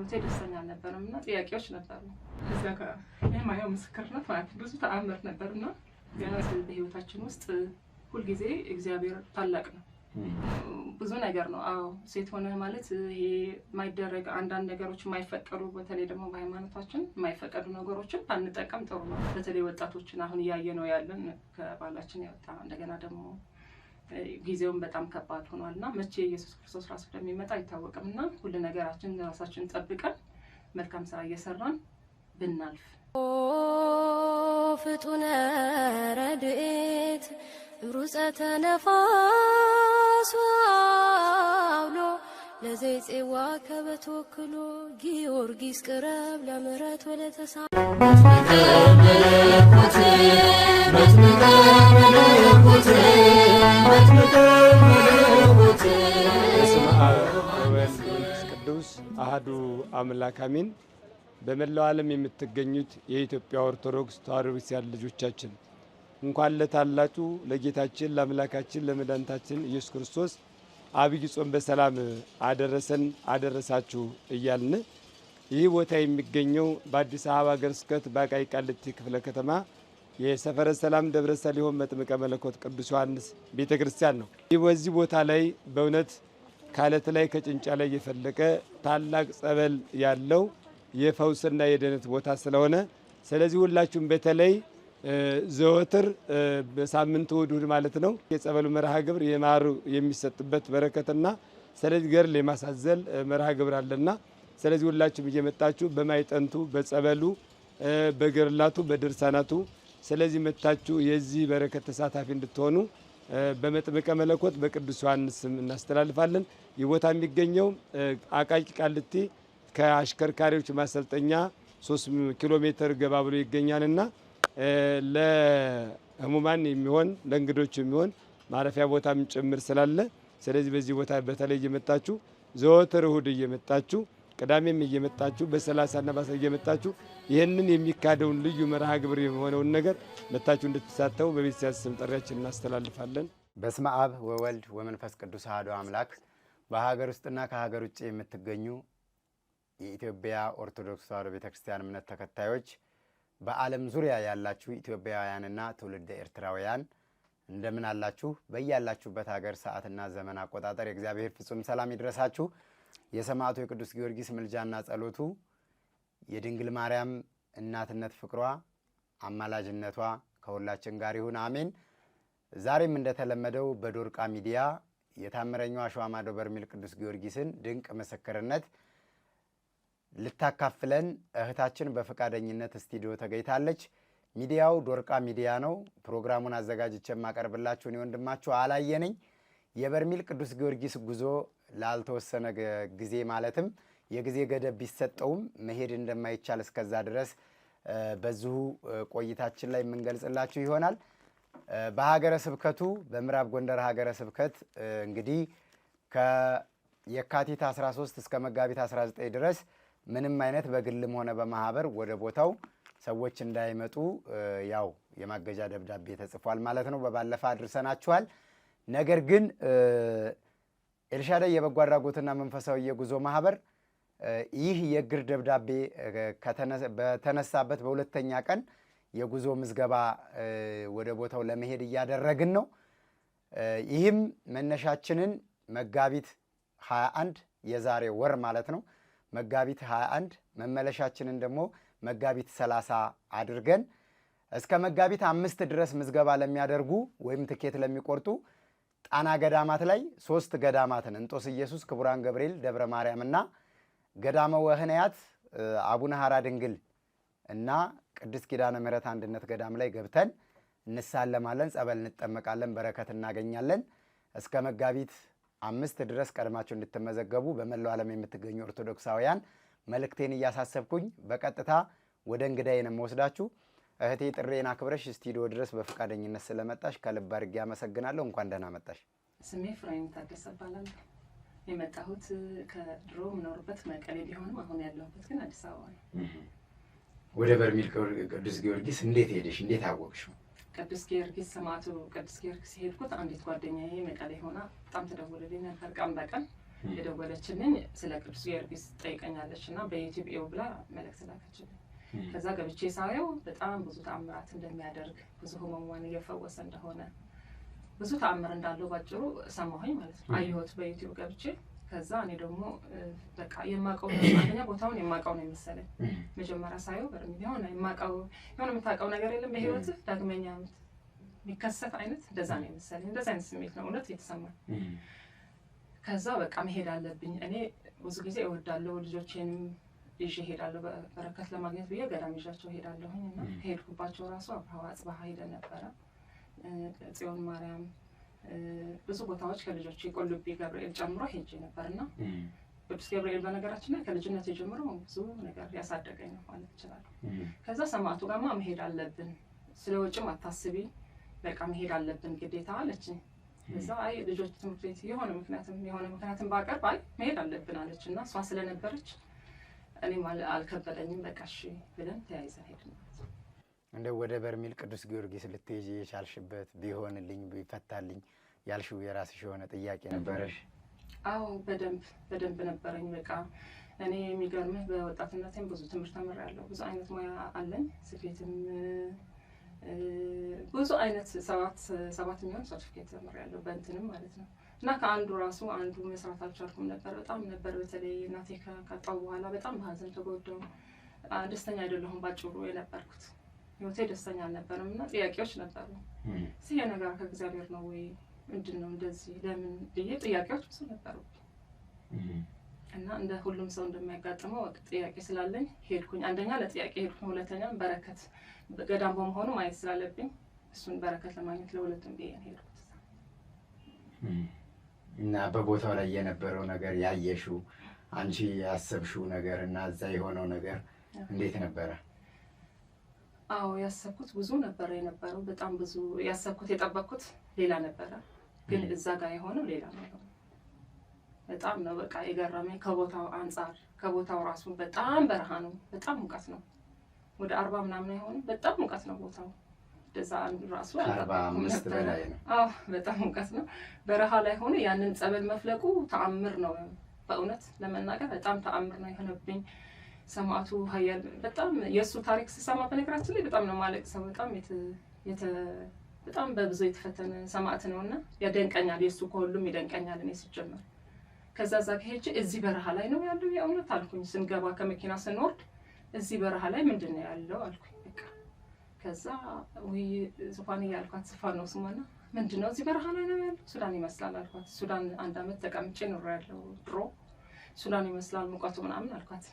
ህይወቴ ደስተኛ አልነበረም እና ጥያቄዎች ነበሩ። እዚያ ጋ ይህ ምስክርነት ማለት ብዙ ተአምር ነበር እና ቢያንስ በህይወታችን ውስጥ ሁልጊዜ እግዚአብሔር ታላቅ ነው። ብዙ ነገር ነው። አዎ ሴት ሆነ ማለት ይሄ የማይደረግ አንዳንድ ነገሮች የማይፈቀዱ በተለይ ደግሞ በሃይማኖታችን የማይፈቀዱ ነገሮችን ባንጠቀም ጥሩ ነው። በተለይ ወጣቶችን አሁን እያየ ነው ያለን ከባላችን ያወጣ እንደገና ደግሞ ጊዜውን በጣም ከባድ ሆኗል እና መቼ ኢየሱስ ክርስቶስ ራሱ እንደሚመጣ አይታወቅም እና ሁሉ ነገራችን ራሳችን ጠብቀን መልካም ስራ እየሰራን ብናልፍ ፍጡነ ረድኤት ሩፀተ ነፋስ አብሎ ለዘይፄዋ ከበተወክሎ ጊዮርጊስ ቅረብ ለምረት ወለተሳ አምላክ አሚን። በመላው ዓለም የምትገኙት የኢትዮጵያ ኦርቶዶክስ ተዋሕዶ ቤተክርስቲያን ልጆቻችን እንኳን ለታላቁ ለጌታችን ለአምላካችን ለመድኃኒታችን ኢየሱስ ክርስቶስ አብይ ጾም በሰላም አደረሰን አደረሳችሁ እያልን ይህ ቦታ የሚገኘው በአዲስ አበባ ሀገረ ስብከት በአቃቂ ቃሊቲ ክፍለ ከተማ የሰፈረ ሰላም ደብረ መጥምቀ መለኮት ቅዱስ ዮሐንስ ቤተ ክርስቲያን ነው። ይህ በዚህ ቦታ ላይ በእውነት ከአለት ላይ ከጭንጫ ላይ እየፈለቀ ታላቅ ጸበል ያለው የፈውስና የደነት ቦታ ስለሆነ ስለዚህ ሁላችሁም በተለይ ዘወትር በሳምንቱ እሑድ ማለት ነው የጸበሉ መርሃ ግብር የማሩ የሚሰጥበት በረከትና ስለዚህ ገር የማሳዘል መርሃ ግብር አለና ስለዚህ ሁላችሁም እየመጣችሁ በማይጠንቱ በጸበሉ በገርላቱ በድርሳናቱ ስለዚህ መታችሁ የዚህ በረከት ተሳታፊ እንድትሆኑ በመጥምቀ መለኮት በቅዱስ ዮሐንስ ስም እናስተላልፋለን። ይህ ቦታ የሚገኘው አቃቂ ቃልቲ ከአሽከርካሪዎች ማሰልጠኛ 3 ኪሎ ሜትር ገባ ብሎ ይገኛልና ለህሙማን የሚሆን ለእንግዶች የሚሆን ማረፊያ ቦታም ጭምር ስላለ ስለዚህ በዚህ ቦታ በተለይ እየመጣችሁ ዘወትር እሁድ እየመጣችሁ ቅዳሜም እየመጣችሁ በሰላሳና በአስራ እየመጣችሁ ይህንን የሚካሄደውን ልዩ መርሃ ግብር የሆነውን ነገር መታችሁ እንድትሳተው በቤተሰብ ስም ጥሪያችን እናስተላልፋለን። በስመ አብ ወወልድ ወመንፈስ ቅዱስ አሐዱ አምላክ። በሀገር ውስጥና ከሀገር ውጭ የምትገኙ የኢትዮጵያ ኦርቶዶክስ ተዋሕዶ ቤተ ክርስቲያን እምነት ተከታዮች በዓለም ዙሪያ ያላችሁ ኢትዮጵያውያንና ትውልድ ኤርትራውያን እንደምን አላችሁ? በያላችሁበት ሀገር ሰዓትና ዘመን አቆጣጠር የእግዚአብሔር ፍጹም ሰላም ይድረሳችሁ። የሰማዕቱ የቅዱስ ጊዮርጊስ ምልጃና ጸሎቱ የድንግል ማርያም እናትነት ፍቅሯ አማላጅነቷ ከሁላችን ጋር ይሁን፣ አሜን። ዛሬም እንደተለመደው በዶርቃ ሚዲያ የታምረኛው አሸዋማዶ በርሜል ቅዱስ ጊዮርጊስን ድንቅ ምስክርነት ልታካፍለን እህታችን በፈቃደኝነት ስቱዲዮ ተገኝታለች። ሚዲያው ዶርቃ ሚዲያ ነው። ፕሮግራሙን አዘጋጅቼ የማቀርብላችሁን የወንድማችሁ አላየነኝ የበርሜል ቅዱስ ጊዮርጊስ ጉዞ ላልተወሰነ ጊዜ ማለትም የጊዜ ገደብ ቢሰጠውም መሄድ እንደማይቻል እስከዛ ድረስ በዚሁ ቆይታችን ላይ የምንገልጽላችሁ ይሆናል። በሀገረ ስብከቱ በምዕራብ ጎንደር ሀገረ ስብከት እንግዲህ ከየካቲት 13 እስከ መጋቢት 19 ድረስ ምንም አይነት በግልም ሆነ በማህበር ወደ ቦታው ሰዎች እንዳይመጡ ያው የማገጃ ደብዳቤ ተጽፏል ማለት ነው። በባለፈ አድርሰናችኋል። ነገር ግን ኤልሻዳይ የበጎ አድራጎትና መንፈሳዊ የጉዞ ማህበር ይህ የእግር ደብዳቤ በተነሳበት በሁለተኛ ቀን የጉዞ ምዝገባ ወደ ቦታው ለመሄድ እያደረግን ነው። ይህም መነሻችንን መጋቢት 21 የዛሬ ወር ማለት ነው መጋቢት 21 መመለሻችንን ደግሞ መጋቢት 30 አድርገን እስከ መጋቢት አምስት ድረስ ምዝገባ ለሚያደርጉ ወይም ትኬት ለሚቆርጡ ጣና ገዳማት ላይ ሶስት ገዳማትን እንጦስ ኢየሱስ፣ ክቡራን ገብርኤል፣ ደብረ እና ገዳመ ወህንያት አቡነ ሐራ ድንግል እና ቅድስት ኪዳነ ምሕረት አንድነት ገዳም ላይ ገብተን እንሳለማለን፣ ጸበል እንጠመቃለን፣ በረከት እናገኛለን። እስከ መጋቢት አምስት ድረስ ቀድማቸው እንድትመዘገቡ በመላው ዓለም የምትገኙ ኦርቶዶክሳውያን መልእክቴን እያሳሰብኩኝ በቀጥታ ወደ እንግዳዬ ነው የምወስዳችሁ። እህቴ ጥሬን አክብረሽ ስቱዲዮ ድረስ በፈቃደኝነት ስለመጣሽ ከልብ አድርጌ አመሰግናለሁ። እንኳን ደህና መጣሽ። ስሜ ፍሬም ታደሰ እባላለሁ። የመጣሁት ከድሮ የምኖርበት መቀሌ ቢሆንም አሁን ያለሁበት ግን አዲስ አበባ ነው። ወደ በርሜል ቅዱስ ጊዮርጊስ እንዴት ሄደሽ? እንዴት አወቅሽው? ቅዱስ ጊዮርጊስ ሰማዕቱ ቅዱስ ጊዮርጊስ የሄድኩት አንዲት ጓደኛዬ መቀሌ ሆና በጣም ትደውልልኝ ነበር። ቀን በቀን የደወለችልኝ ስለ ቅዱስ ጊዮርጊስ ጠይቀኛለች እና በዩቲዩብ ብላ መልእክት ላከችልኝ። Hmm. ከዛ ገብቼ ሳየው በጣም ብዙ ተአምራት እንደሚያደርግ ብዙ ህመሟን እየፈወሰ እንደሆነ ብዙ ተአምር እንዳለው ባጭሩ ሰማሁኝ ማለት ነው። hmm. አየሁት በዩቲዩብ ገብቼ። ከዛ እኔ ደግሞ በቃ የማውቀው አንደኛ ቦታውን የማውቀው ነው የመሰለኝ hmm. መጀመሪያ ሳየው ሆነ የማውቀው የሆነ የምታውቀው ነገር የለም በህይወት ዳግመኛ የሚከሰት አይነት እንደዛ ነው የመሰለኝ። እንደዛ አይነት ስሜት ነው እውነት የተሰማኝ። ከዛ በቃ መሄድ አለብኝ እኔ ብዙ ጊዜ እወዳለሁ ልጆቼንም ይዤ ሄዳለሁ በረከት ለማግኘት ብዬ ገዳም ይዣቸው እሄዳለሁኝ እና ሄድኩባቸው ራሱ አብርሃዋ አጽባሀ ሄደን ነበረ፣ ጽዮን ማርያም፣ ብዙ ቦታዎች ከልጆች የቆልቢ ገብርኤል ጨምሮ ሄጄ ነበር እና ቅዱስ ገብርኤል በነገራችን ላይ ከልጅነት የጀምሮ ብዙ ነገር ያሳደገኝ ነው ማለት እችላለሁ። ከዛ ሰማዕቱ ጋማ መሄድ አለብን፣ ስለ ውጭም አታስቢ፣ በቃ መሄድ አለብን ግዴታ አለች። እዛ አይ ልጆች ትምህርት ቤት የሆነ ምክንያትም የሆነ ምክንያትም በአቀርብ አይ መሄድ አለብን አለች እና እሷ ስለነበረች እኔም አልከበደኝም። በቃ እሺ ብለን ተያይዘን ሄድን። እንደ ወደ በርሜል ቅዱስ ጊዮርጊስ ልትሄጂ የቻልሽበት ቢሆንልኝ ቢፈታልኝ ያልሽው የራስሽ የሆነ ጥያቄ ነበረሽ? አዎ በደንብ በደንብ ነበረኝ። በቃ እኔ የሚገርምህ በወጣትነቴም ብዙ ትምህርት ተምሬያለሁ። ብዙ አይነት ሙያ አለኝ። ስፌትም ብዙ አይነት ሰባት ሰባት የሚሆን ሰርቲፊኬት ተምሬያለሁ፣ በእንትንም ማለት ነው እና ከአንዱ ራሱ አንዱ መስራት አልቻልኩም ነበር። በጣም ነበር በተለይ እናቴ ከጣው በኋላ በጣም በሀዘን ተጎደው ደስተኛ አይደለሁም ባጭሩ የነበርኩት ህይወቴ ደስተኛ አልነበረም እና ጥያቄዎች ነበሩ። ስየ ነገር ከእግዚአብሔር ነው ወይ ምንድን ነው እንደዚህ ለምን ብዬ ጥያቄዎች ብዙ ነበሩ እና እንደ ሁሉም ሰው እንደሚያጋጥመው ጥያቄ ስላለኝ ሄድኩኝ። አንደኛ ለጥያቄ ሄድኩኝ፣ ሁለተኛም በረከት ገዳም በመሆኑ ማየት ስላለብኝ እሱን በረከት ለማግኘት ለሁለቱም ብዬ ሄድኩት። እና በቦታው ላይ የነበረው ነገር ያየሽው አንቺ ያሰብሽው ነገር እና እዛ የሆነው ነገር እንዴት ነበረ? አዎ ያሰብኩት ብዙ ነበረ የነበረው በጣም ብዙ ያሰብኩት የጠበቅኩት ሌላ ነበረ፣ ግን እዛ ጋር የሆነው ሌላ ነው። በጣም ነው በቃ የገረመኝ ከቦታው አንጻር ከቦታው ራሱ በጣም በረሃ ነው፣ በጣም ሙቀት ነው። ወደ አርባ ምናምን አይሆንም፣ በጣም ሙቀት ነው ቦታው ወደዛ ራሱ አምስት በላይ ነው። በጣም ሙቀት ነው። በረሃ ላይ ሆኖ ያንን ጸበል መፍለቁ ተአምር ነው። በእውነት ለመናገር በጣም ተአምር ነው የሆነብኝ። ሰማዕቱ ኃያል በጣም የእሱ ታሪክ ስሰማ በነገራችን ላይ በጣም ነው ማለቅ ሰው በጣም በጣም በብዙ የተፈተነ ሰማዕት ነው እና ያደንቀኛል። የእሱ ከሁሉም ይደንቀኛል። እኔ ስጀምር ከዛ ዛ ከሄጅ እዚህ በረሃ ላይ ነው ያለው የእውነት አልኩኝ። ስንገባ ከመኪና ስንወርድ እዚህ በረሃ ላይ ምንድን ነው ያለው አልኩኝ ከዛ ውይ ዙፋን እያልኳት ስፋን ነው ስሟና ምንድን ነው እዚህ በረሃ ላይ ነው ያለው ሱዳን ይመስላል አልኳት። ሱዳን አንድ አመት ተቀምጬ ኖሮ ያለው ድሮ ሱዳን ይመስላል ሙቀቱ ምናምን አልኳት።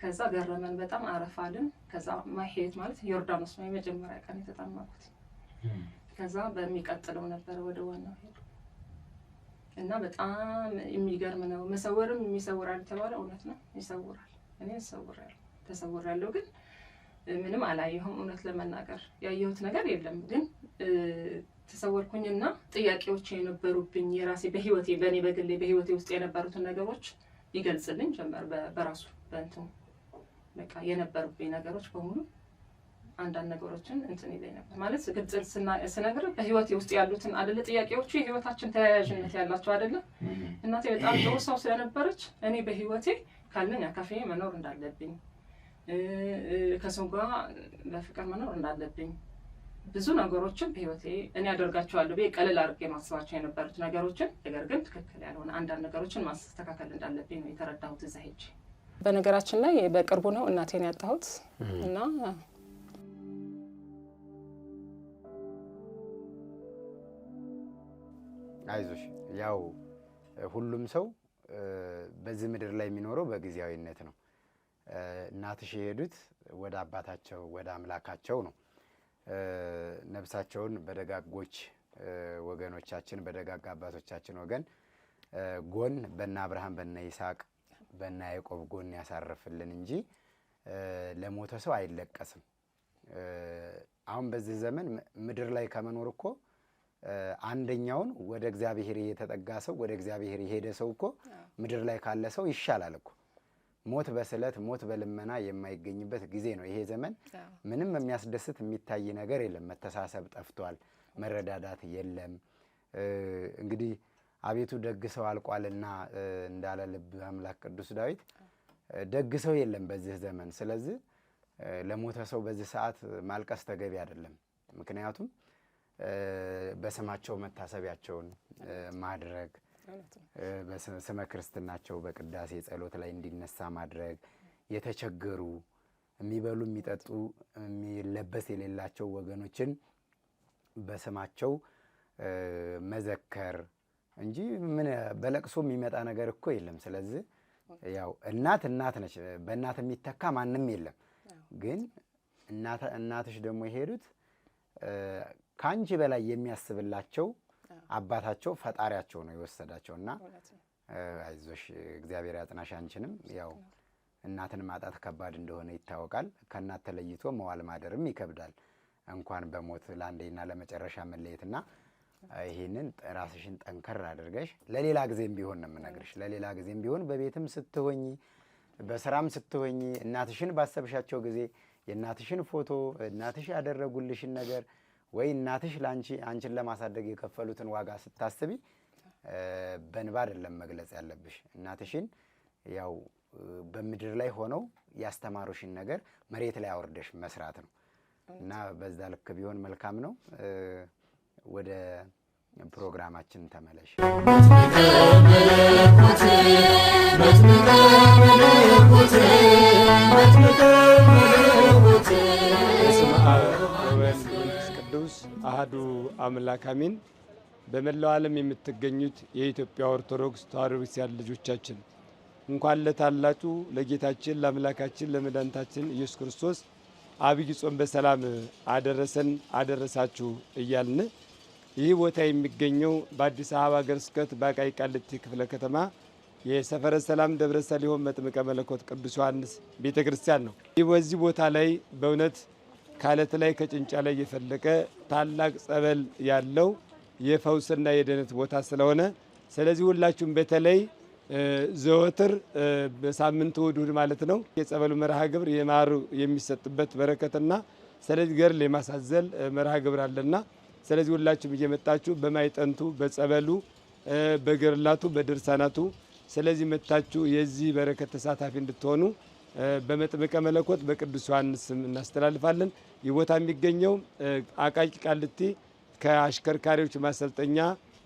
ከዛ ገረመን በጣም አረፋልን። ከዛ ማሄድ ማለት ዮርዳኖስ ነው የመጀመሪያ ቀን የተጠመኩት። ከዛ በሚቀጥለው ነበረ ወደ ዋናው ሄዱ እና በጣም የሚገርም ነው። መሰወርም የሚሰውራል የተባለ እውነት ነው ይሰውራል። እኔ ሰውራል ተሰውራለሁ ግን ምንም አላየሁም። እውነት ለመናገር ያየሁት ነገር የለም። ግን ተሰወርኩኝና ጥያቄዎች የነበሩብኝ የራሴ በህይወቴ በእኔ በግሌ በህይወቴ ውስጥ የነበሩትን ነገሮች ይገልጽልኝ ጀመር። በራሱ በእንትኑ በቃ የነበሩብኝ ነገሮች በሙሉ አንዳንድ ነገሮችን እንትን ይለኝ ነበር። ማለት ግልጽ ስነግር በህይወቴ ውስጥ ያሉትን አደለ ጥያቄዎቹ የህይወታችን ተያያዥነት ያላቸው አደለ። እናቴ በጣም ጥሩ ሰው ስለነበረች እኔ በህይወቴ ካለኝ አካፌ መኖር እንዳለብኝ ከሰው ጋር በፍቅር መኖር እንዳለብኝ ብዙ ነገሮችን በህይወቴ እኔ አደርጋቸዋለሁ ብዬ ቀለል አድርጌ ማስባቸው የነበሩት ነገሮችን ነገር ግን ትክክል ያልሆነ አንዳንድ ነገሮችን ማስተካከል እንዳለብኝ ነው የተረዳሁት እዛ ሄጄ። በነገራችን ላይ በቅርቡ ነው እናቴን ያጣሁት እና አይዞሽ ያው ሁሉም ሰው በዚህ ምድር ላይ የሚኖረው በጊዜያዊነት ነው። እናትሽ የሄዱት ወደ አባታቸው ወደ አምላካቸው ነው። ነብሳቸውን በደጋጎች ወገኖቻችን በደጋግ አባቶቻችን ወገን ጎን በነ አብርሃም በነ ይስሐቅ በነ ያዕቆብ ጎን ያሳርፍልን እንጂ ለሞተ ሰው አይለቀስም። አሁን በዚህ ዘመን ምድር ላይ ከመኖር እኮ አንደኛውን ወደ እግዚአብሔር የተጠጋ ሰው ወደ እግዚአብሔር የሄደ ሰው እኮ ምድር ላይ ካለ ሰው ይሻላል እኮ ሞት በስለት ሞት በልመና የማይገኝበት ጊዜ ነው ይሄ ዘመን። ምንም የሚያስደስት የሚታይ ነገር የለም። መተሳሰብ ጠፍቷል። መረዳዳት የለም። እንግዲህ አቤቱ ደግ ሰው አልቋልና እንዳለ ልብ አምላክ ቅዱስ ዳዊት ደግ ሰው የለም በዚህ ዘመን። ስለዚህ ለሞተ ሰው በዚህ ሰዓት ማልቀስ ተገቢ አይደለም። ምክንያቱም በስማቸው መታሰቢያቸውን ማድረግ በስመ ክርስትናቸው በቅዳሴ ጸሎት ላይ እንዲነሳ ማድረግ፣ የተቸገሩ የሚበሉ የሚጠጡ የሚለበስ የሌላቸው ወገኖችን በስማቸው መዘከር እንጂ ምን በለቅሶ የሚመጣ ነገር እኮ የለም። ስለዚህ ያው እናት እናት ነች። በእናት የሚተካ ማንም የለም። ግን እናትሽ ደግሞ የሄዱት ከአንቺ በላይ የሚያስብላቸው አባታቸው ፈጣሪያቸው ነው የወሰዳቸው እና አይዞሽ እግዚአብሔር ያጥናሽ አንችንም ያው እናትን ማጣት ከባድ እንደሆነ ይታወቃል። ከእናት ተለይቶ መዋል ማደርም ይከብዳል። እንኳን በሞት ለአንዴና ለመጨረሻ መለየትና ይህንን ራስሽን ጠንከር አድርገሽ ለሌላ ጊዜም ቢሆን ነው የምነግርሽ። ለሌላ ጊዜም ቢሆን በቤትም ስትሆኚ፣ በስራም ስትሆኚ እናትሽን ባሰብሻቸው ጊዜ የእናትሽን ፎቶ እናትሽ ያደረጉልሽን ነገር ወይ እናትሽ ለአንቺ አንቺን ለማሳደግ የከፈሉትን ዋጋ ስታስቢ በንባ አይደለም መግለጽ ያለብሽ። እናትሽን ያው በምድር ላይ ሆነው ያስተማሩሽን ነገር መሬት ላይ አውርደሽ መስራት ነው እና በዛ ልክ ቢሆን መልካም ነው። ወደ ፕሮግራማችን ተመለሽ። አህዱ አምላክ በመላው ዓለም የምትገኙት የኢትዮጵያ ኦርቶዶክስ ተዋሕዶ ቤተክርስቲያን ልጆቻችን እንኳን ለታላቁ ለጌታችን ለአምላካችን ለመድኃኒታችን ኢየሱስ ክርስቶስ አብይ ጾም በሰላም አደረሰን አደረሳችሁ እያልን ይህ ቦታ የሚገኘው በአዲስ አበባ ሀገረ ስብከት በአቃቂ ቃሊቲ ክፍለ ከተማ የሰፈረ ሰላም ደብረ ሰሊሆን መጥምቀ መለኮት ቅዱስ ዮሐንስ ቤተ ክርስቲያን ነው። ይህ በዚህ ቦታ ላይ በእውነት ከአለት ላይ ከጭንጫ ላይ እየፈለቀ ታላቅ ጸበል ያለው የፈውስና የደነት ቦታ ስለሆነ ስለዚህ ሁላችሁም በተለይ ዘወትር በሳምንቱ እሑድ ማለት ነው የጸበሉ መርሃ ግብር የማሩ የሚሰጥበት በረከትና ስለዚህ ገር ለማሳዘል መርሃ ግብር አለና ስለዚህ ሁላችሁም እየመጣችሁ በማይጠንቱ በጸበሉ በገርላቱ በድርሳናቱ ስለዚህ መታችሁ የዚህ በረከት ተሳታፊ እንድትሆኑ በመጥምቀ መለኮት በቅዱስ ዮሐንስ ስም እናስተላልፋለን። ይህ ቦታ የሚገኘው አቃቂ ቃልቲ ከአሽከርካሪዎች ማሰልጠኛ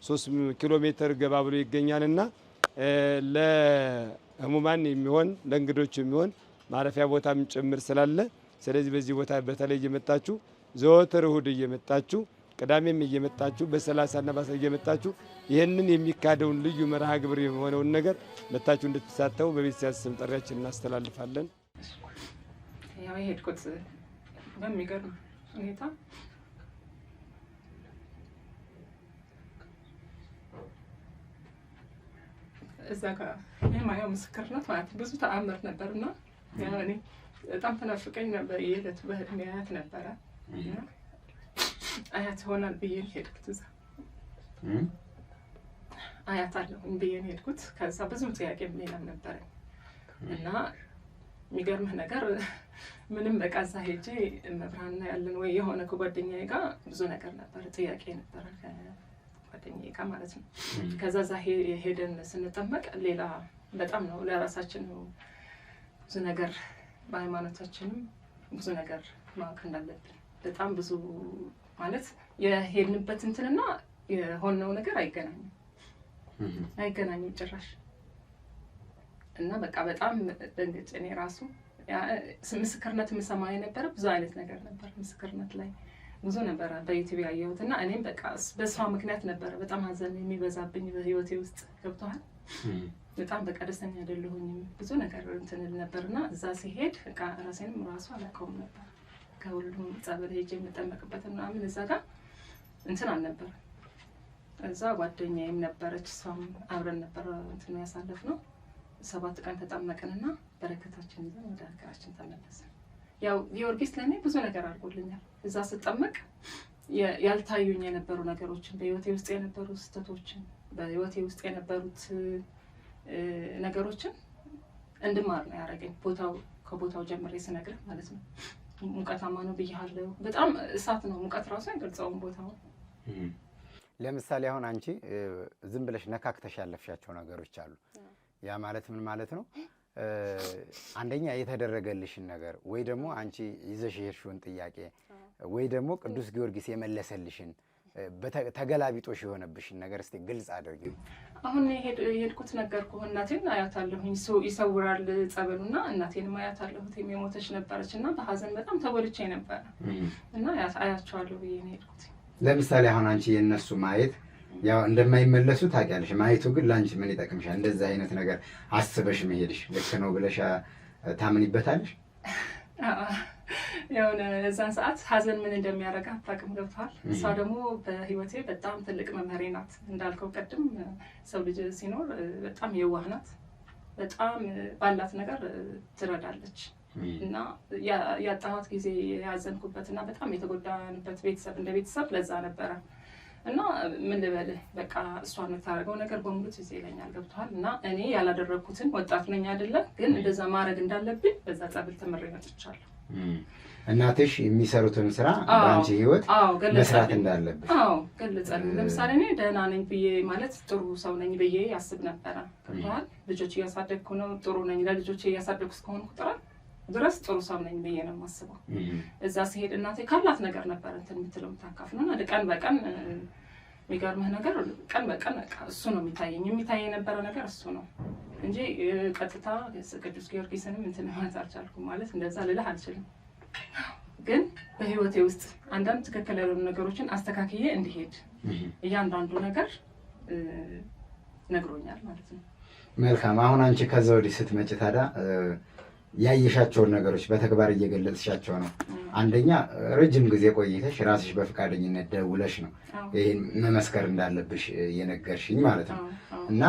3 ኪሎ ሜትር ገባ ብሎ ይገኛልና ለህሙማን የሚሆን ለእንግዶች የሚሆን ማረፊያ ቦታም ጭምር ስላለ ስለዚህ በዚህ ቦታ በተለይ እየመጣችሁ ዘወትር እሁድ እየመጣችሁ ቅዳሜም እየመጣችሁ በሰላሳና በአስራ እየመጣችሁ ይህንን የሚካሄደውን ልዩ መርሃ ግብር የሆነውን ነገር መታችሁ እንድትሳተው በቤተሰብ ስም ጥሪያችን እናስተላልፋለን። ያው የሄድኩት በሚገርም ሁኔታ እዛ ጋር የማየው ምስክርነት ማለት ብዙ ተአምር ነበር እኔ በጣም ተናፍቀኝ ነበር። የዕለት ያያት ነበረ አያት ይሆናል ብዬ ሄድኩት። እዛ አያት አለሁኝ ብዬ ሄድኩት። ከዛ ብዙ ጥያቄ ሌላም ነበረኝ እና የሚገርምህ ነገር ምንም በቃ እዛ ሄጄ መብራና ያለን ወይ የሆነ ከጓደኛዬ ጋር ብዙ ነገር ነበረ፣ ጥያቄ ነበረ ከጓደኛዬ ጋር ማለት ነው። ከዛ እዛ ሄደን ስንጠመቅ ሌላ በጣም ነው ለራሳችን ብዙ ነገር በሃይማኖታችንም ብዙ ነገር ማወቅ እንዳለብን በጣም ብዙ ማለት የሄድንበት እንትንና የሆነው ነገር አይገናኝም አይገናኝም ጭራሽ። እና በቃ በጣም ደንግጬ እኔ ራሱ ምስክርነት የምሰማ የነበረ ብዙ አይነት ነገር ነበር። ምስክርነት ላይ ብዙ ነበረ በዩቲዩብ ያየሁት እና እኔም በቃ በእሷ ምክንያት ነበረ በጣም ሀዘን የሚበዛብኝ በህይወቴ ውስጥ ገብተዋል። በጣም በቃ ደስተኛ አይደለሁኝም ብዙ ነገር እንትን ነበርና እዛ ሲሄድ በቃ ራሴንም ራሱ አላውቀውም ነበር ከሁሉም ጸበል ሄጄ የምጠመቅበት ምናምን እዛ ጋር እንትን አልነበረ። እዛ ጓደኛዬም ነበረች፣ እሷም አብረን ነበረ እንትን ያሳለፍ ነው። ሰባት ቀን ተጠመቅንና በረከታችን ይዘን ወደ ሀገራችን ተመለስን። ያው ጊዮርጊስ ለእኔ ብዙ ነገር አድርጎልኛል። እዛ ስጠመቅ ያልታዩኝ የነበሩ ነገሮችን፣ በህይወቴ ውስጥ የነበሩ ስህተቶችን፣ በህይወቴ ውስጥ የነበሩት ነገሮችን እንድማር ነው ያደረገኝ። ቦታው ከቦታው ጀምሬ ስነግርህ ማለት ነው። ሙቀታማ ነው ብያለሁ። በጣም እሳት ነው፣ ሙቀት ራሱ አይገልጸውም ቦታው። ለምሳሌ አሁን አንቺ ዝም ብለሽ ነካክተሽ ያለፍሻቸው ነገሮች አሉ። ያ ማለት ምን ማለት ነው? አንደኛ የተደረገልሽን ነገር ወይ ደግሞ አንቺ ይዘሽ የሄድሽውን ጥያቄ ወይ ደግሞ ቅዱስ ጊዮርጊስ የመለሰልሽን ተገላቢጦሽ የሆነብሽን ነገር እስኪ ግልጽ አድርጊ። አሁን የሄድኩት ነገርኩህ። እናቴን አያታለሁኝ፣ ይሰውራል ጸበሉና እናቴንም አያታለሁት። የሞተች ነበረች እና በሀዘን በጣም ተጎድቼ ነበረ እና አያቸዋለሁ ብዬ ነው የሄድኩት። ለምሳሌ አሁን አንቺ የእነሱ ማየት ያው እንደማይመለሱ ታውቂያለሽ። ማየቱ ግን ለአንቺ ምን ይጠቅምሻል? እንደዚህ አይነት ነገር አስበሽ መሄድሽ ልክ ነው ብለሽ ታምኒበታለሽ? የሆነ እዛን ሰዓት ሀዘን ምን እንደሚያደርግ አታውቅም። ገብቷል። እሷ ደግሞ በህይወቴ በጣም ትልቅ መምህሬ ናት። እንዳልከው ቅድም ሰው ልጅ ሲኖር በጣም የዋህ ናት። በጣም ባላት ነገር ትረዳለች። እና ያጣኋት ጊዜ ያዘንኩበት እና በጣም የተጎዳንበት ቤተሰብ እንደ ቤተሰብ ለዛ ነበረ። እና ምን ልበልህ በቃ እሷ የምታደርገው ነገር በሙሉ ትዝ ይለኛል። ገብቶሃል። እና እኔ ያላደረግኩትን ወጣት ነኝ አይደለም፣ ግን እንደዛ ማድረግ እንዳለብኝ በዛ ጸብል ተምሬ መጥቻለሁ። እናትሽ የሚሰሩትን ስራ በአንቺ ህይወት መስራት እንዳለብሽ ገለጸልኝ። ለምሳሌ እኔ ደህና ነኝ ብዬ ማለት ጥሩ ሰው ነኝ ብዬ ያስብ ነበረ። ል ልጆች እያሳደግኩ ነው፣ ጥሩ ነኝ ለልጆች እያሳደግኩ እስከሆኑ ቁጥራል ድረስ ጥሩ ሰው ነኝ ብዬ ነው የማስበው። እዛ ሲሄድ እናቴ ካላት ነገር ነበረ እንትን የምትለው የምታካፍ ነው። ቀን በቀን የሚገርምህ ነገር ቀን በቀን እሱ ነው የሚታየኝ የሚታየ የነበረ ነገር እሱ ነው። እንጂ ቀጥታ ቅዱስ ጊዮርጊስንም እንትን ማለት አልቻልኩም። ማለት እንደዛ ልልህ አልችልም፣ ግን በህይወቴ ውስጥ አንዳንድ ትክክል ያሉ ነገሮችን አስተካክዬ እንዲሄድ እያንዳንዱ ነገር ነግሮኛል ማለት ነው። መልካም። አሁን አንቺ ከዛ ወዲህ ስትመጪ ታዲያ ያየሻቸውን ነገሮች በተግባር እየገለጽሻቸው ነው። አንደኛ ረጅም ጊዜ ቆይተሽ ራስሽ በፈቃደኝነት ደውለሽ ነው ይህን መመስከር እንዳለብሽ የነገርሽኝ ማለት ነው እና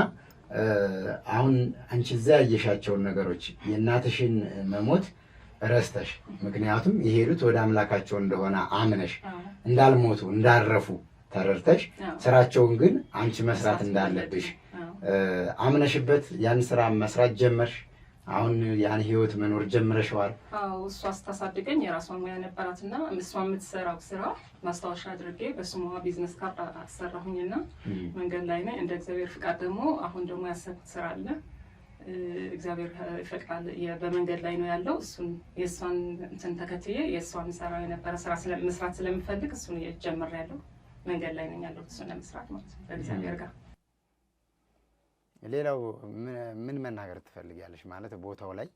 አሁን አንቺ እዛ ያየሻቸውን ነገሮች የእናትሽን መሞት ረስተሽ፣ ምክንያቱም የሄዱት ወደ አምላካቸው እንደሆነ አምነሽ እንዳልሞቱ እንዳረፉ ተረድተሽ ስራቸውን ግን አንቺ መስራት እንዳለብሽ አምነሽበት ያን ስራ መስራት ጀመርሽ። አሁን ያን ህይወት መኖር ጀምረሸዋል። አዎ፣ እሷ ስታሳድገኝ የራሷን ሙያ ነበራት እና እሷ የምትሰራው ስራ ማስታወሻ አድርጌ በስሟ ቢዝነስ ካርድ አሰራሁኝ እና መንገድ ላይ ነኝ። እንደ እግዚአብሔር ፍቃድ ደግሞ አሁን ደግሞ ያሰብኩት ስራ አለ። እግዚአብሔር ይፈቅዳል። በመንገድ ላይ ነው ያለው። እሱን የእሷን እንትን ተከትዬ የእሷ ሰራ የነበረ ስራ መስራት ስለምፈልግ እሱን ያለው መንገድ ላይ ነኝ ያለው እሱን ለመስራት ማለት ነው በእግዚአብሔር ጋር ሌላው ምን መናገር ትፈልጊያለሽ? ማለት ቦታው ላይ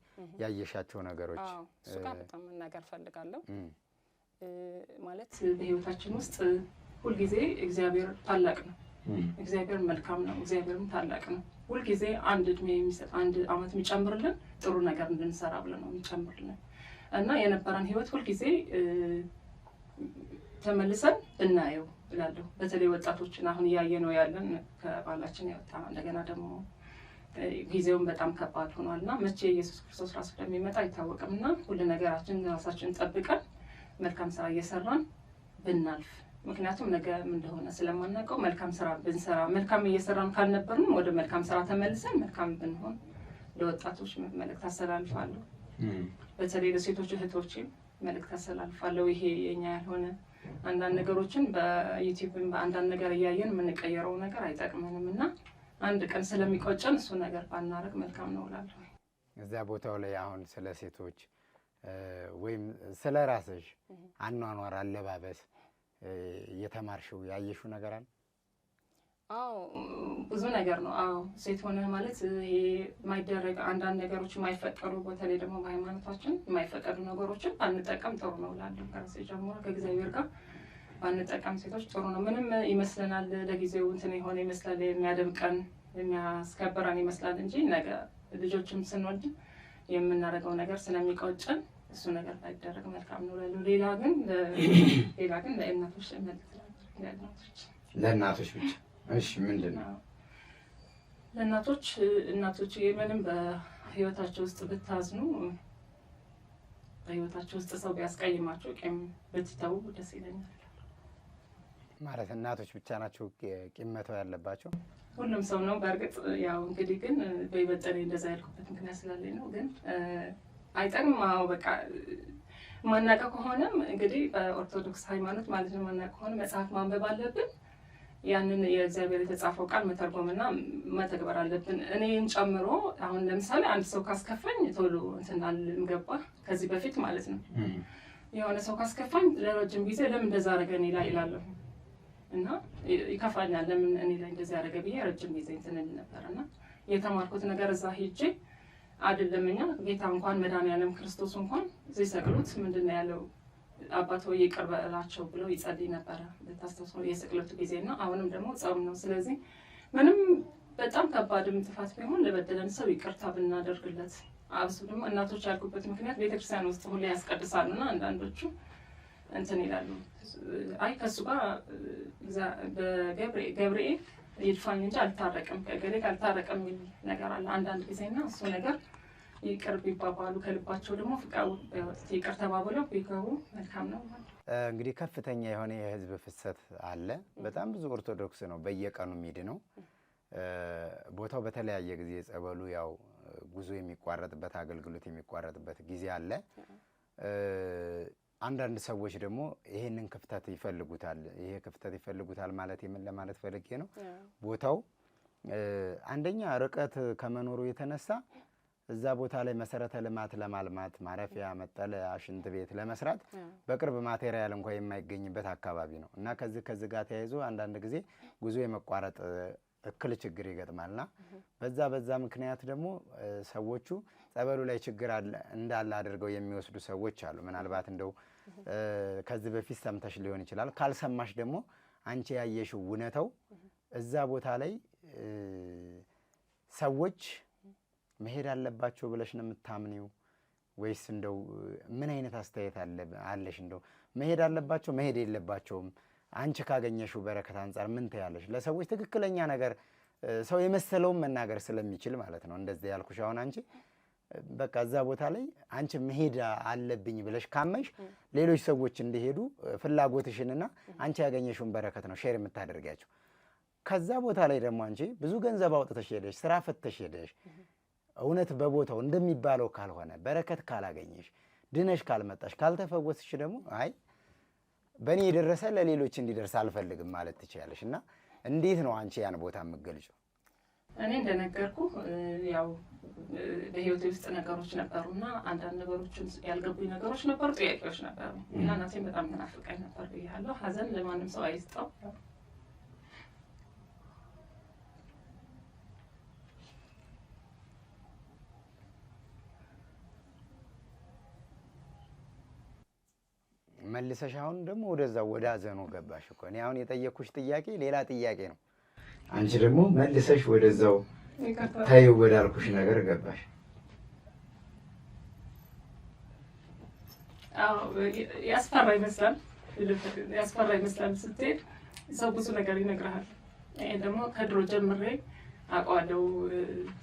ያየሻቸው ነገሮች። እሱ ጋር በጣም መናገር እፈልጋለሁ። ማለት በህይወታችን ውስጥ ሁልጊዜ እግዚአብሔር ታላቅ ነው፣ እግዚአብሔር መልካም ነው፣ እግዚአብሔርም ታላቅ ነው። ሁልጊዜ አንድ እድሜ የሚሰጥ አንድ አመት የሚጨምርልን ጥሩ ነገር እንድንሰራ ብለን ነው የሚጨምርልን እና የነበረን ህይወት ሁልጊዜ ተመልሰን እናየው። እላለሁ። በተለይ ወጣቶችን አሁን እያየ ነው ያለን ከባህላችን ያወጣ እንደገና ደግሞ ጊዜውን በጣም ከባድ ሆኗል እና መቼ ኢየሱስ ክርስቶስ ራሱ እንደሚመጣ አይታወቅም እና ሁሉ ነገራችን ራሳችን ጠብቀን መልካም ስራ እየሰራን ብናልፍ ምክንያቱም ነገ እንደሆነ ስለማናውቀው መልካም ስራ ብንሰራ መልካም እየሰራን ካልነበርን ወደ መልካም ስራ ተመልሰን መልካም ብንሆን ለወጣቶች መልእክት አስተላልፋለሁ። በተለይ ለሴቶች እህቶችም መልእክት አስተላልፋለሁ። ይሄ የኛ ያልሆነ አንዳንድ ነገሮችን በዩቲዩብ በአንዳንድ ነገር እያየን የምንቀየረው ነገር አይጠቅመንም እና አንድ ቀን ስለሚቆጨን እሱ ነገር ባናረግ መልካም ነው እላለሁ። እዚያ ቦታው ላይ አሁን ስለ ሴቶች ወይም ስለ ራስሽ አኗኗር፣ አለባበስ እየተማርሽው ያየሽው ነገር አለ? አዎ ብዙ ነገር ነው። አዎ ሴት ሆነ ማለት ይሄ የማይደረግ አንዳንድ ነገሮች የማይፈቀዱ በተለይ ደግሞ በሃይማኖታችን የማይፈቀዱ ነገሮችን ባንጠቀም ጥሩ ነው እላለሁ። ከራሴ ጀምሮ ከእግዚአብሔር ጋር ባንጠቀም ሴቶች ጥሩ ነው። ምንም ይመስለናል ለጊዜው እንትን የሆነ ይመስላል የሚያደምቀን የሚያስከብረን ይመስላል እንጂ ነገ ልጆችም ስንወድ የምናደርገው ነገር ስለሚቆጭን እሱ ነገር ባይደረግ መልካም ነው እላለሁ። ሌላ ግን ሌላ ግን ለእናቶች ለእናቶች ብቻ እሺ ምንድን ነው? ለእናቶች እናቶች የምንም በህይወታቸው ውስጥ ብታዝኑ በህይወታቸው ውስጥ ሰው ቢያስቀይማቸው ቂም ብትተው ደስ ይለኛል። ማለት እናቶች ብቻ ናቸው ቂም መተው ያለባቸው? ሁሉም ሰው ነው። በእርግጥ ያው እንግዲህ ግን በይበጠኔ እንደዛ ያልኩበት ምክንያት ስላለኝ ነው። ግን አይጠቅም። አዎ በቃ ማናውቀው ከሆነም እንግዲህ በኦርቶዶክስ ሃይማኖት ማለት ነው ማናቀ ከሆነ መጽሐፍ ማንበብ አለብን ያንን የእግዚአብሔር የተጻፈው ቃል መተርጎምና መተግበር አለብን። እኔን ጨምሮ አሁን ለምሳሌ አንድ ሰው ካስከፋኝ ቶሎ እንትን አልልም። ገባ? ከዚህ በፊት ማለት ነው የሆነ ሰው ካስከፋኝ ለረጅም ጊዜ ለምን እንደዛ አደረገ እኔ ላይ ይላለሁ እና ይከፋኛል። ለምን እኔ ላይ እንደዚህ አደረገ ብዬ ረጅም ጊዜ እንትን እል ነበር እና የተማርኩት ነገር እዛ ሄጄ አይደለም እኛ ጌታ እንኳን መድኃኒዓለም ክርስቶስ እንኳን እዚህ ሰቅሎት ምንድን ነው ያለው አባቶ ይቅር በላቸው ብሎ ይጸልይ ነበረ። ታስታውሱ የስቅለቱ ጊዜ ነው። አሁንም ደግሞ ጾም ነው። ስለዚህ ምንም በጣም ከባድም ጥፋት ቢሆን ለበደለን ሰው ይቅርታ ብናደርግለት፣ አብሱ ደግሞ እናቶች ያልኩበት ምክንያት ቤተክርስቲያን ውስጥ ሁሌ ያስቀድሳሉ እና አንዳንዶቹ እንትን ይላሉ። አይ ከእሱ ጋር በገብርኤል ይድፋኝ እንጂ አልታረቅም ከገሌ አልታረቅም የሚል ነገር አለ አንዳንድ ጊዜ እና እሱ ነገር ይቅር ቢባባሉ ከልባቸው ደግሞ ፍቃው ይቅር ተባብለው ቢገቡ መልካም ነው። እንግዲህ ከፍተኛ የሆነ የህዝብ ፍሰት አለ። በጣም ብዙ ኦርቶዶክስ ነው በየቀኑ ሚድ ነው ቦታው በተለያየ ጊዜ ጸበሉ ያው ጉዞ የሚቋረጥበት አገልግሎት የሚቋረጥበት ጊዜ አለ። አንዳንድ ሰዎች ደግሞ ይሄንን ክፍተት ይፈልጉታል። ይሄ ክፍተት ይፈልጉታል ማለት የምን ለማለት ፈልጌ ነው። ቦታው አንደኛ ርቀት ከመኖሩ የተነሳ እዛ ቦታ ላይ መሰረተ ልማት ለማልማት ማረፊያ፣ መጠለያ፣ ሽንት ቤት ለመስራት በቅርብ ማቴሪያል እንኳ የማይገኝበት አካባቢ ነው እና ከዚህ ከዚህ ጋር ተያይዞ አንዳንድ ጊዜ ጉዞ የመቋረጥ እክል ችግር ይገጥማልና በዛ በዛ ምክንያት ደግሞ ሰዎቹ ጸበሉ ላይ ችግር እንዳለ አድርገው የሚወስዱ ሰዎች አሉ። ምናልባት እንደው ከዚህ በፊት ሰምተሽ ሊሆን ይችላል። ካልሰማሽ ደግሞ አንቺ ያየሽው እውነተው እዛ ቦታ ላይ ሰዎች መሄድ አለባቸው ብለሽ ነው የምታምኒው ወይስ እንደው ምን አይነት አስተያየት አለሽ? እንደው መሄድ አለባቸው መሄድ የለባቸውም አንቺ ካገኘሽው በረከት አንጻር ምን ትያለሽ? ለሰዎች ትክክለኛ ነገር ሰው የመሰለውን መናገር ስለሚችል ማለት ነው እንደዚህ ያልኩሽ። አሁን አንቺ በቃ እዛ ቦታ ላይ አንቺ መሄድ አለብኝ ብለሽ ካመንሽ ሌሎች ሰዎች እንዲሄዱ ፍላጎትሽንና አንቺ ያገኘሽውን በረከት ነው ሼር የምታደርጋቸው። ከዛ ቦታ ላይ ደግሞ አንቺ ብዙ ገንዘብ አውጥተሽ ሄደሽ ስራ ፈተሽ ሄደሽ እውነት በቦታው እንደሚባለው ካልሆነ በረከት ካላገኘሽ ድነሽ ካልመጣሽ ካልተፈወስሽ ደግሞ አይ በእኔ የደረሰ ለሌሎች እንዲደርስ አልፈልግም ማለት ትችላለሽ። እና እንዴት ነው አንቺ ያን ቦታ የምገልጨው? እኔ እንደነገርኩ ያው በህይወቴ ውስጥ ነገሮች ነበሩ እና አንዳንድ ነገሮችን ያልገቡኝ ነገሮች ነበሩ፣ ጥያቄዎች ነበሩ እና እናቴን በጣም ምናፍቃኝ ነበር ብያለሁ። ሀዘን ለማንም ሰው አይስጠው መልሰሽ አሁን ደግሞ ወደዛ ወደ አዘኖ ገባሽ እኮ። እኔ አሁን የጠየኩሽ ጥያቄ ሌላ ጥያቄ ነው። አንቺ ደግሞ መልሰሽ ወደዛው ታዩ ወዳልኩሽ ነገር ገባሽ። ያስፈራ ይመስላል፣ ያስፈራ ይመስላል ስትሄድ ሰው ብዙ ነገር ይነግርሃል። ይሄ ደግሞ ከድሮ ጀምሬ አውቀዋለሁ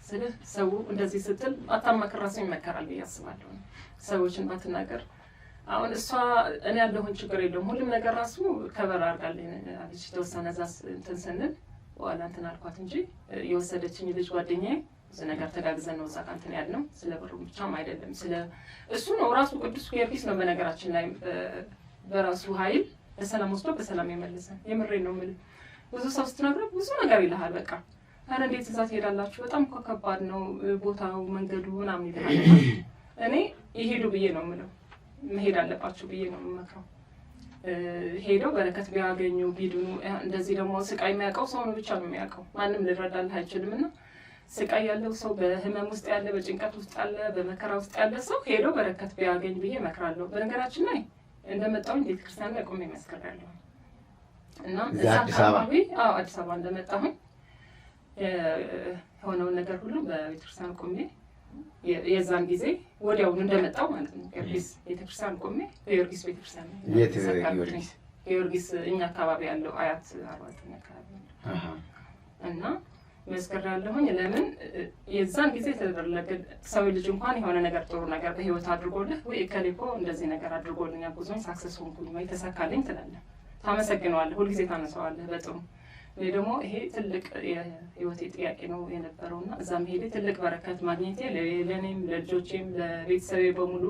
ስልህ ሰው እንደዚህ ስትል አታማክር ራሱ ይመከራል ብዬ አስባለሁ። ሰዎችን ባትናገር አሁን እሷ እኔ ያለሁን ችግር የለውም ሁሉም ነገር ራሱ ከበር አድርጋለኝ አለች። የተወሰነ እዛ እንትን ስንል በኋላ እንትን አልኳት እንጂ የወሰደችኝ ልጅ ጓደኛዬ ብዙ ነገር ተጋግዘን ነው እዛ ጋ እንትን ያልነው። ስለ ብሩ ብቻም አይደለም ስለ እሱ ነው ራሱ ቅዱስ ጊዮርጊስ ነው በነገራችን ላይ በራሱ ኃይል በሰላም ወስዶ በሰላም የመለሰን። የምሬ ነው የምልህ። ብዙ ሰው ስትነግረው ብዙ ነገር ይልሃል። በቃ ኧረ እንዴት እዛ ትሄዳላችሁ? በጣም እኮ ከባድ ነው ቦታው መንገዱ ምናምን ይልሃል። እኔ ይሄዱ ብዬ ነው የምለው መሄድ አለባቸው ብዬ ነው የምመክረው። ሄደው በረከት ቢያገኙ ቢድኑ። እንደዚህ ደግሞ ስቃይ የሚያውቀው ሰውን ብቻ ነው የሚያውቀው፣ ማንም ልረዳልህ አይችልም። እና ስቃይ ያለው ሰው በህመም ውስጥ ያለ፣ በጭንቀት ውስጥ ያለ፣ በመከራ ውስጥ ያለ ሰው ሄደው በረከት ቢያገኝ ብዬ መክራለሁ በነገራችን ላይ እንደመጣሁኝ ቤተክርስቲያን ላይ ቆሜ እመስክራለሁ። እናም እዛ አካባቢ አዲስ አበባ እንደመጣሁኝ የሆነውን ነገር ሁሉ በቤተክርስቲያን ቆሜ የዛን ጊዜ ወዲያውኑ እንደመጣው ማለት ነው ጊዮርጊስ ቤተክርስቲያን ቆሜ ቤተክርስቲያን ጊዮርጊስ እኛ አካባቢ ያለው አያት አርባተኛ አካባቢ እና መስከር ያለሁኝ ለምን የዛን ጊዜ ተደረገ ሰው ልጅ እንኳን የሆነ ነገር ጥሩ ነገር በህይወት አድርጎልህ ወይ እከሌ እኮ እንደዚህ ነገር አድርጎልኝ አጉዞኝ ሳክሰስ ሆንኩኝ ወይ ተሳካልኝ ትላለህ ታመሰግነዋለህ ሁልጊዜ ታነሳዋለህ በጥሩ እኔ ደግሞ ይሄ ትልቅ የህይወቴ ጥያቄ ነው የነበረው እና እዛ ሄዴ ትልቅ በረከት ማግኘቴ ለእኔም ለልጆቼም ለቤተሰቤ በሙሉ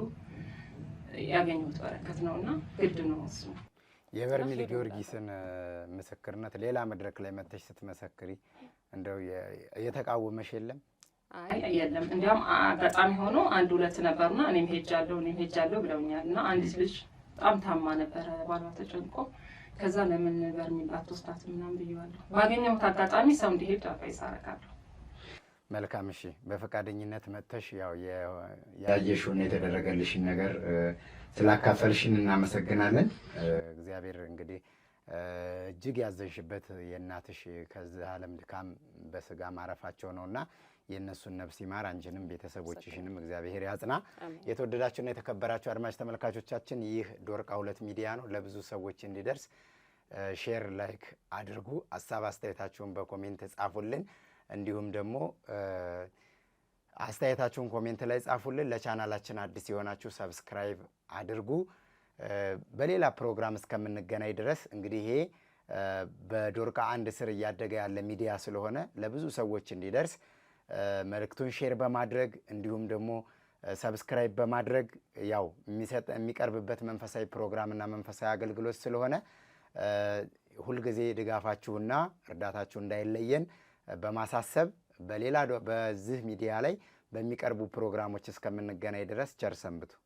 ያገኘሁት በረከት ነው እና ግድ ነው እሱ። የበርሜል ጊዮርጊስን ምስክርነት ሌላ መድረክ ላይ መተሽ ስትመሰክሪ እንደው እየተቃወመሽ የለም? አይ የለም። እንዲያውም አጋጣሚ ሆኖ አንድ ሁለት ነበሩና እኔም ሄጃለሁ እኔም ሄጃለሁ ብለውኛል። እና አንዲት ልጅ በጣም ታማ ነበረ ባሏ ተጨንቆ ከዛ ለምን በርሚል አትወስዳት ምናም ብየዋለሁ። ባገኘሁት አጋጣሚ ሰው እንዲሄድ አድቫይስ አረጋለሁ። መልካም እሺ፣ በፈቃደኝነት መጥተሽ ያው ያየሽውን የተደረገልሽን ነገር ስላካፈልሽን እናመሰግናለን። እግዚአብሔር እንግዲህ እጅግ ያዘንሽበት የእናትሽ ከዚህ ዓለም ድካም በስጋ ማረፋቸው ነው እና የእነሱን ነፍስ ይማር፣ አንቺንም ቤተሰቦችሽንም እግዚአብሔር ያጽና። የተወደዳችሁና የተከበራችሁ አድማጭ ተመልካቾቻችን ይህ ዶርቃ ሁለት ሚዲያ ነው። ለብዙ ሰዎች እንዲደርስ ሼር፣ ላይክ አድርጉ። ሀሳብ አስተያየታችሁን በኮሜንት ጻፉልን። እንዲሁም ደግሞ አስተያየታችሁን ኮሜንት ላይ ጻፉልን። ለቻናላችን አዲስ የሆናችሁ ሰብስክራይብ አድርጉ። በሌላ ፕሮግራም እስከምንገናኝ ድረስ እንግዲህ ይሄ በዶርቃ አንድ ስር እያደገ ያለ ሚዲያ ስለሆነ ለብዙ ሰዎች እንዲደርስ መልእክቱን ሼር በማድረግ እንዲሁም ደግሞ ሰብስክራይብ በማድረግ ያው የሚቀርብበት መንፈሳዊ ፕሮግራምና መንፈሳዊ አገልግሎት ስለሆነ ሁልጊዜ ድጋፋችሁና እርዳታችሁ እንዳይለየን በማሳሰብ በሌላ በዚህ ሚዲያ ላይ በሚቀርቡ ፕሮግራሞች እስከምንገናኝ ድረስ ቸር ሰንብቱ።